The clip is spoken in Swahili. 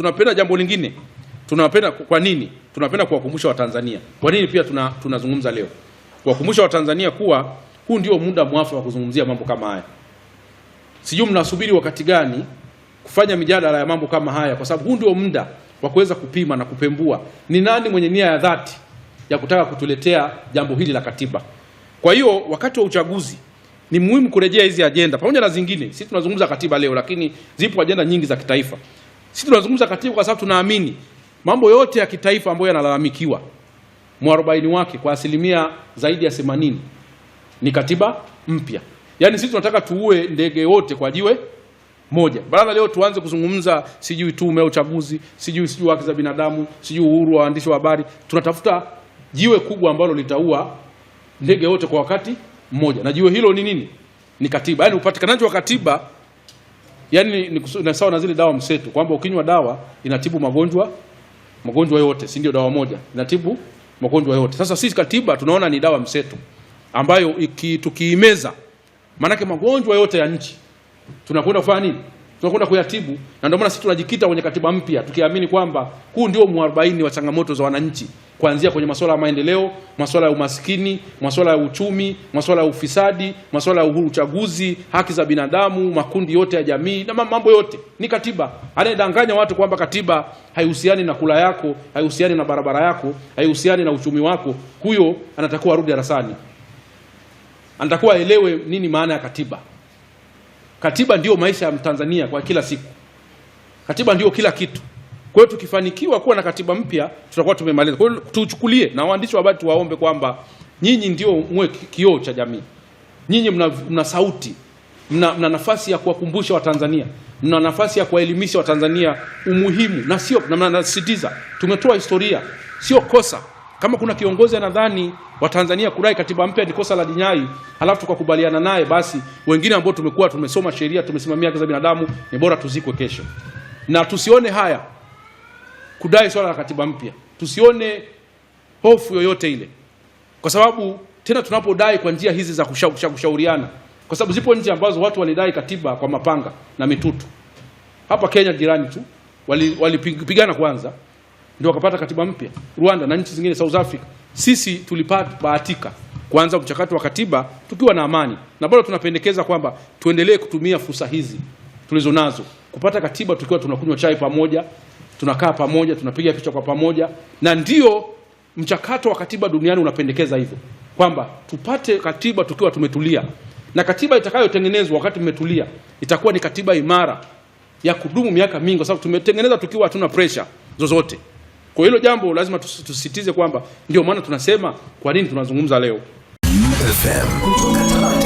tunapenda jambo lingine, tunapenda kwa nini? Tunapenda kuwakumbusha Watanzania. Kwa nini pia tuna tunazungumza leo? Kuwakumbusha Watanzania kuwa huu ndio muda mwafaka wa kuzungumzia mambo kama haya. Sijui mnasubiri wakati gani kufanya mijadala ya mambo kama haya, kwa sababu huu ndio muda wa kuweza kupima na kupembua ni nani mwenye nia ya dhati ya kutaka kutuletea jambo hili la katiba. Kwa hiyo wakati wa uchaguzi ni muhimu kurejea hizi ajenda pamoja na zingine. Sisi tunazungumza katiba leo, lakini zipo ajenda nyingi za kitaifa. Sisi tunazungumza katiba kwa sababu tunaamini mambo yote ya kitaifa ambayo yanalalamikiwa mwarobaini wake kwa asilimia zaidi ya 80 ni katiba mpya. Yaani sisi tunataka tuue ndege wote kwa jiwe moja. Baada leo tuanze kuzungumza sijui tume ya uchaguzi, sijui sijui haki za binadamu, sijui uhuru wa waandishi wa habari, tunatafuta jiwe kubwa ambalo litaua ndege wote kwa wakati mmoja. Na jiwe hilo ni nini? Ni katiba. Yaani upatikanaji wa katiba Yaani ni sawa na zile dawa mseto kwamba ukinywa dawa inatibu magonjwa magonjwa yote, si ndio? Dawa moja inatibu magonjwa yote. Sasa sisi katiba tunaona ni dawa mseto ambayo tukiimeza maanake magonjwa yote ya nchi tunakwenda kufanya nini? tunakwenda kuyatibu, na ndio maana sisi tunajikita kwenye katiba mpya tukiamini kwamba huu ndio mwarobaini wa changamoto za wananchi, kuanzia kwenye masuala ya maendeleo, masuala ya umaskini, masuala ya uchumi, masuala ya ufisadi, masuala ya uhuru uchaguzi, haki za binadamu, makundi yote ya jamii na mambo yote ni katiba. Anayedanganya watu kwamba katiba haihusiani na kula yako, haihusiani na barabara yako, haihusiani na uchumi wako, huyo anatakuwa arudi darasani, anatakuwa aelewe nini maana ya katiba. Katiba ndio maisha ya Mtanzania kwa kila siku, katiba ndio kila kitu. Kwa hiyo tukifanikiwa kuwa na katiba mpya tutakuwa tumemaliza. Kwa hiyo tuchukulie, na waandishi wa habari tuwaombe kwamba nyinyi ndio mwe kioo cha jamii, nyinyi mna, mna sauti mna, mna nafasi ya kuwakumbusha Watanzania, mna nafasi ya kuwaelimisha Watanzania umuhimu na sio, na mnasisitiza tumetoa historia, sio kosa. Kama kuna kiongozi anadhani wa Tanzania kurai katiba mpya ni kosa la jinai, halafu tukakubaliana naye, basi wengine ambao tumekuwa tumesoma sheria, tumesimamia haki za binadamu, ni bora tuzikwe kesho. Na tusione haya kudai swala la katiba mpya, tusione hofu yoyote ile, kwa sababu tena tunapodai kwa njia hizi za kushauriana, kwa sababu zipo nchi ambazo watu walidai katiba kwa mapanga na mitutu. Hapa Kenya jirani tu walipigana wali kwanza ndio wakapata katiba mpya Rwanda na nchi zingine South Africa. Sisi tulipata bahatika kuanza mchakato wa katiba tukiwa na amani, na bado tunapendekeza kwamba tuendelee kutumia fursa hizi tulizo nazo kupata katiba tukiwa tunakunywa chai pamoja, tunakaa pamoja, tunapiga picha kwa pamoja, na ndio mchakato wa katiba duniani unapendekeza hivyo kwamba tupate katiba tukiwa tumetulia, na katiba itakayotengenezwa wakati tumetulia itakuwa ni katiba imara ya kudumu miaka mingi, kwa sababu tumetengeneza tukiwa hatuna pressure zozote. Kwa hilo jambo lazima tusisitize kwamba ndio maana tunasema kwa nini tunazungumza leo FM.